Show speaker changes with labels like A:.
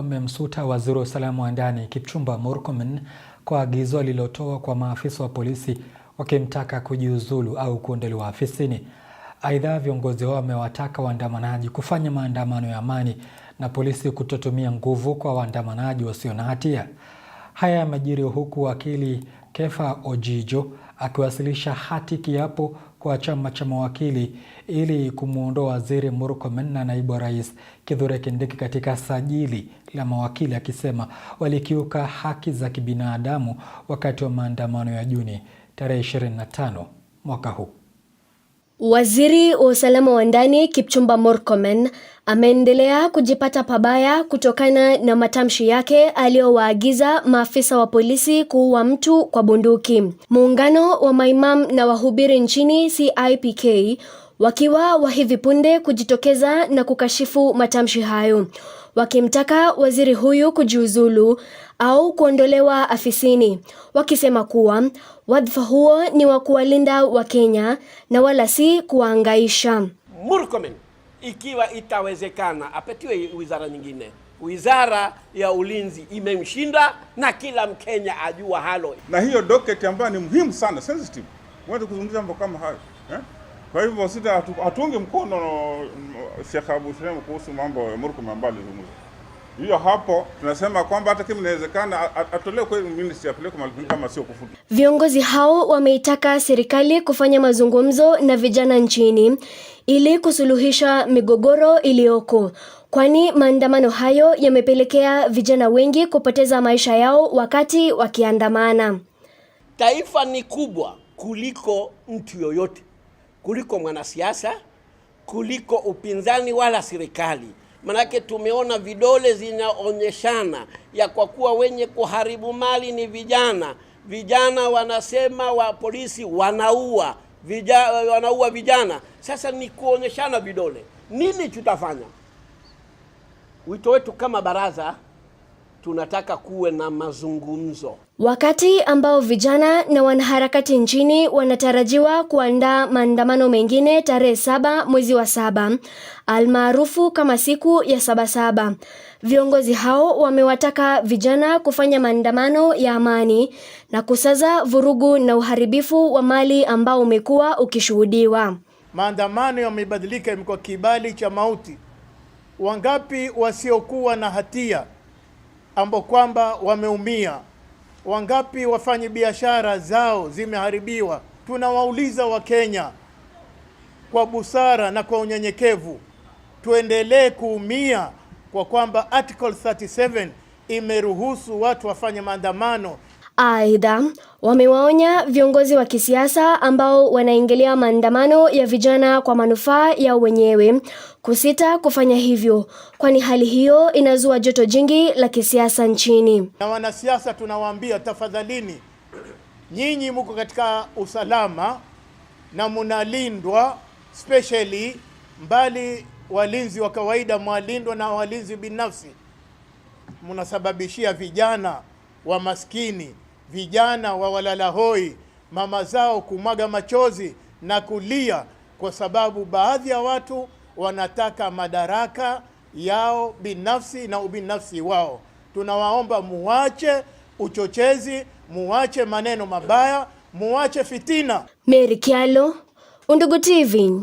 A: wamemsuta waziri wa usalama wa ndani Kipchumba Murkomen kwa agizo alilotoa kwa maafisa wa polisi wakimtaka kujiuzulu au kuondolewa afisini. Aidha, viongozi wao wamewataka waandamanaji kufanya maandamano ya amani na polisi kutotumia nguvu kwa waandamanaji wasio na hatia. Haya yamejiri huku wakili Kefa Ojijo akiwasilisha hati kiapo kwa chama cha mawakili ili kumwondoa waziri Murkomen na naibu rais Kithure Kindiki katika sajili la mawakili akisema walikiuka haki za kibinadamu wakati wa maandamano ya Juni tarehe 25 mwaka huu.
B: Waziri wa usalama wa ndani Kipchumba Murkomen ameendelea kujipata pabaya kutokana na matamshi yake aliyowaagiza maafisa wa polisi kuua mtu kwa bunduki. Muungano wa maimam na wahubiri nchini CIPK wakiwa wa hivi punde kujitokeza na kukashifu matamshi hayo wakimtaka waziri huyu kujiuzulu au kuondolewa afisini, wakisema kuwa wadhifa huo ni wa kuwalinda Wakenya na wala si kuwaangaisha.
C: Murkomen ikiwa itawezekana apatiwe wizara nyingine. Wizara ya ulinzi imemshinda na kila Mkenya ajua halo,
D: na hiyo doketi ambayo ni muhimu sana sensitive, huwezi kuzungumza mambo kama hayo eh? Kwa hivyo sisi hatungi mkono Sheikh Abu Sulaim kuhusu mambo ya Murkum ambayo alizungumza hiyo hapo, tunasema kwamba hata kama inawezekana atolewe kwa ministry apeleke mahali kama sio kufuta.
B: Viongozi hao wameitaka serikali kufanya mazungumzo na vijana nchini ili kusuluhisha migogoro iliyoko, kwani maandamano hayo yamepelekea vijana wengi kupoteza maisha yao wakati wakiandamana.
C: Taifa ni kubwa kuliko mtu yoyote kuliko mwanasiasa, kuliko upinzani wala serikali. Manake tumeona vidole zinaonyeshana ya kwa kuwa wenye kuharibu mali ni vijana. Vijana wanasema wa polisi wanaua vijana, wanaua vijana. Sasa ni kuonyeshana vidole. Nini tutafanya? Wito wetu kama baraza tunataka kuwe na mazungumzo.
B: Wakati ambao vijana na wanaharakati nchini wanatarajiwa kuandaa maandamano mengine tarehe saba mwezi wa saba almaarufu kama siku ya Sabasaba, viongozi hao wamewataka vijana kufanya maandamano ya amani na kusaza vurugu na uharibifu wa mali ambao umekuwa ukishuhudiwa.
E: Maandamano yamebadilika, imekuwa kibali cha mauti. Wangapi wasiokuwa na hatia ambao kwamba wameumia. Wangapi wafanyi biashara zao zimeharibiwa? Tunawauliza Wakenya kwa busara na kwa unyenyekevu, tuendelee kuumia kwa kwamba Article 37 imeruhusu watu wafanye maandamano.
B: Aidha, wamewaonya viongozi wa kisiasa ambao wanaingilia maandamano ya vijana kwa manufaa yao wenyewe kusita kufanya hivyo, kwani hali hiyo inazua joto jingi la kisiasa nchini.
E: Na wanasiasa tunawaambia, tafadhalini, nyinyi muko katika usalama na munalindwa specially, mbali walinzi wa kawaida mwalindwa na walinzi binafsi, munasababishia vijana wa maskini vijana wa walalahoi, mama zao kumwaga machozi na kulia, kwa sababu baadhi ya watu wanataka madaraka yao binafsi na ubinafsi wao. Tunawaomba muwache uchochezi, muwache maneno mabaya, muwache fitina.
B: Meri Kyalo, Undugu TV.